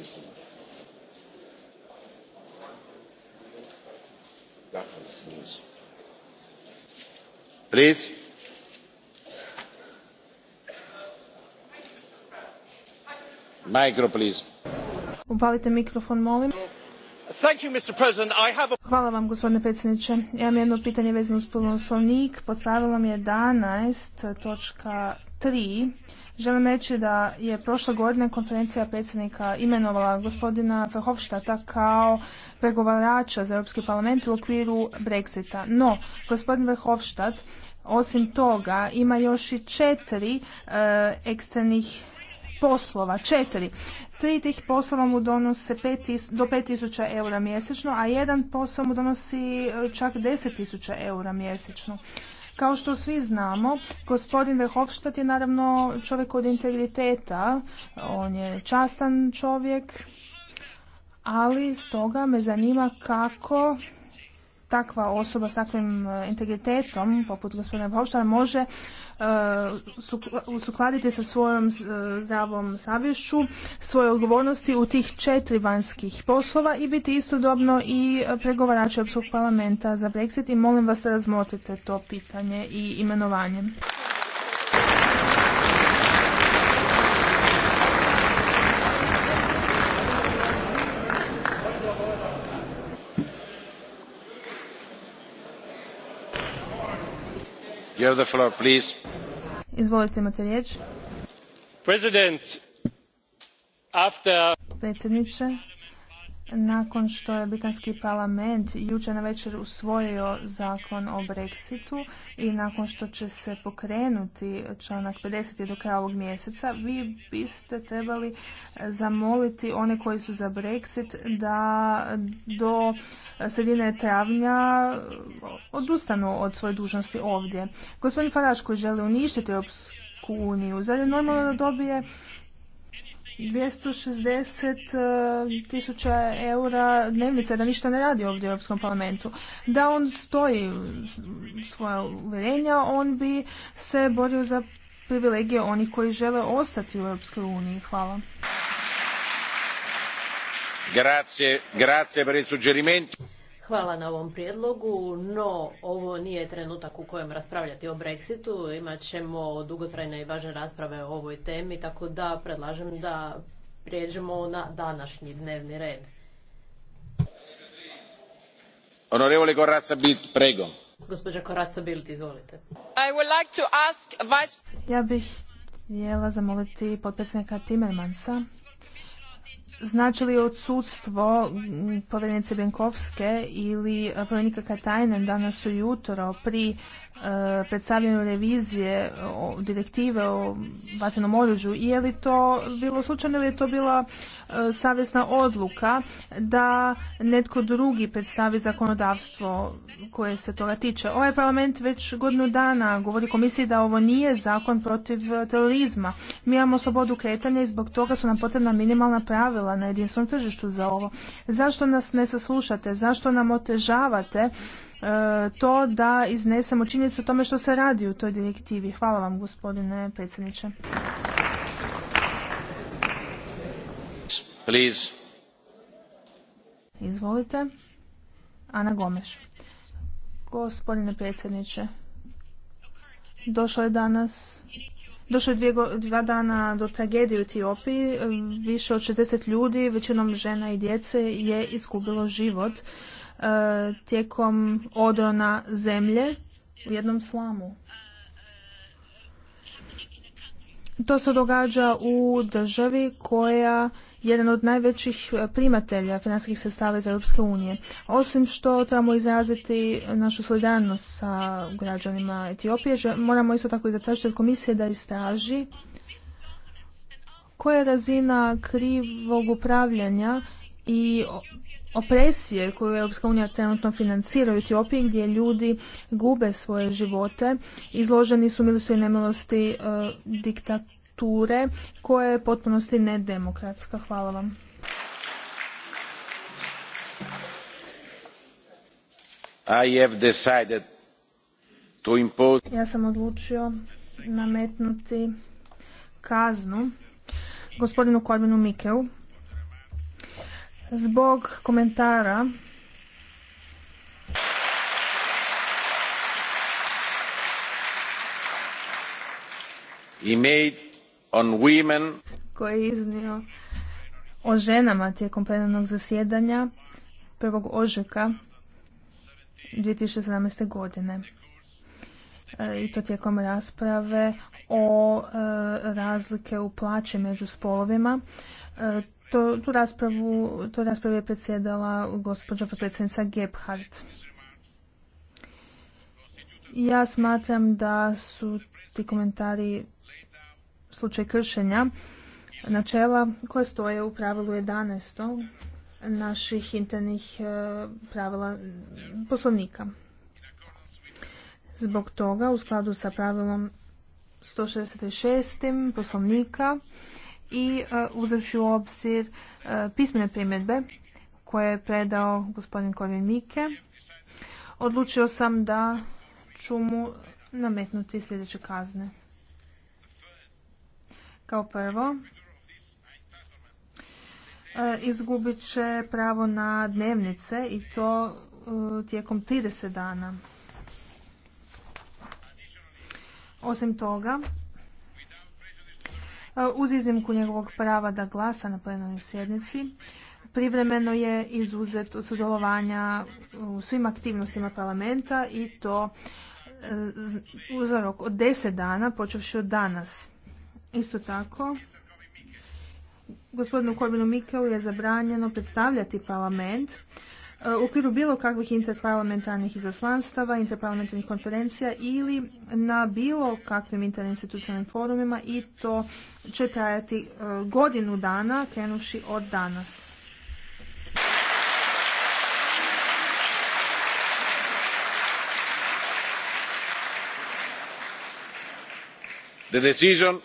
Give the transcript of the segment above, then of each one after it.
mislim. Dakle, please. Micro, please. Upalite mikrofon, molim. Thank you, Mr. President. I have a... Hvala vam gospodine predsjedniče. Ja imam jedno pitanje vezano uz poslovnik. Pod pravilom 11 točka 3 želim reći da je prošle godine konferencija predsjednika imenovala gospodina Verhofstadta kao pregovarača za Europski parlament u okviru Brexita. No, gospodin Verhofstadt osim toga ima još i četiri eh, eksternih poslova, četiri. Tri tih poslova mu donose pet do 5000 eura mjesečno, a jedan posao mu donosi eh, čak 10.000 eura mjesečno. Kao što svi znamo, gospodin Verhofstadt je naravno čovjek od integriteta, on je častan čovjek, ali stoga me zanima kako takva osoba s takvim e, integritetom, poput gospodina Bauštara, može e, usukladiti sa svojom e, zdravom savješću, svoje odgovornosti u tih četiri vanjskih poslova i biti istodobno i pregovarač Europskog parlamenta za Brexit i molim vas da razmotrite to pitanje i imenovanje. Izvolite, imate Predsjedniče, nakon što je britanski parlament jučer na večer usvojio zakon o Brexitu i nakon što će se pokrenuti članak 50. do kraja ovog mjeseca, vi biste trebali e, zamoliti one koji su za Brexit da do sredine travnja e, odustanu od svoje dužnosti ovdje. Gospodin Faraš koji želi uništiti Europsku uniju, zar je normalno da dobije 260 eh, tisuća eura dnevnica da ništa ne radi ovdje u Europskom parlamentu. Da on stoji svoja uvjerenja, on bi se borio za privilegije onih koji žele ostati u Europskoj uniji. Hvala. Grazie, grazie per il suggerimento. Hvala na ovom prijedlogu, no ovo nije trenutak u kojem raspravljati o Brexitu. Imat ćemo dugotrajne i važne rasprave o ovoj temi, tako da predlažem da prijeđemo na današnji dnevni red. Onorevole Corazza Bilt, prego. Gospođa koraca Bilt, izvolite. I would like to ask Ja bih htjela zamoliti potpredsjednika Timmermansa znači li odsustvo povjerenice Benkovske ili eh, povjerenika Katajnen danas ujutro pri E, predstavljanju revizije o direktive o vatrenom oružju i je li to bilo slučajno ili je to bila e, savjesna odluka da netko drugi predstavi zakonodavstvo koje se toga tiče. Ovaj parlament već godinu dana govori komisiji da ovo nije zakon protiv terorizma. Mi imamo slobodu kretanja i zbog toga su nam potrebna minimalna pravila na jedinstvenom tržištu za ovo. Zašto nas ne saslušate? Zašto nam otežavate E, to da iznesemo činjenicu o tome što se radi u toj direktivi. Hvala vam gospodine predsjedniče. Izvolite. Ana Gomeš. Gospodine predsjedniče, došlo je danas Došlo je dva dana do tragedije u Etiopiji. E, Više od 60 ljudi, većinom žena i djece, je izgubilo život e, tijekom odrona zemlje u jednom slamu. To se događa u državi koja jedan od najvećih e, primatelja financijskih sredstava iz Europske unije. Osim što trebamo izraziti našu solidarnost sa građanima Etiopije, moramo isto tako i zatražiti od komisije da istraži koja je razina krivog upravljanja i opresije koju Europska unija trenutno financira u Etiopiji gdje ljudi gube svoje živote, izloženi su milosti i nemilosti e, strukture koja je potpunosti nedemokratska. Hvala vam. I have decided to Ja sam odlučio nametnuti kaznu gospodinu Korbinu Mikeu zbog komentara he made koji je iznio o ženama tijekom plenarnog zasjedanja 1. ožujka 2017. godine e, i to tijekom rasprave o e, razlike u plaći među spolovima. E, tu raspravu, tu raspravu je predsjedala gospođa predsjednica Gebhardt. Ja smatram da su ti komentari slučaj kršenja načela koje stoje u pravilu 11. naših internih e, pravila poslovnika. Zbog toga, u skladu sa pravilom 166. poslovnika i e, uzevši u obzir e, pismene primjedbe koje je predao gospodin Korvin Mike, odlučio sam da ću mu nametnuti sljedeće kazne. Kao prvo, e, izgubit će pravo na dnevnice i to e, tijekom 30 dana. Osim toga, e, uz iznimku njegovog prava da glasa na plenarnoj sjednici, privremeno je izuzet od sudjelovanja u svim aktivnostima parlamenta i to uzorok od 10 dana počevši od danas. Isto tako, gospodinu Korbinu Mikelu je zabranjeno predstavljati parlament e, u okviru bilo kakvih interparlamentarnih izaslanstava, interparlamentarnih konferencija ili na bilo kakvim interinstitucionalnim forumima i to će trajati e, godinu dana krenuši od danas. The decision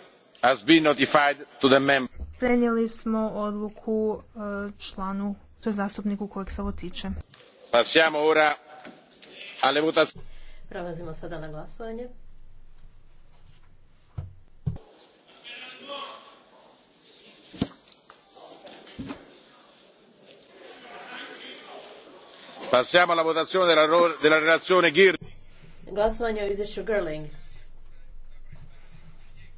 has been notified to the member. Prenijeli smo odluku e, članu, to je zastupniku kojeg se ovo tiče. Passiamo ora alle votazioni. Prelazimo sada na glasovanje. Passiamo alla votazione della, della relazione Girling. Glasovanje o izvješću Girling.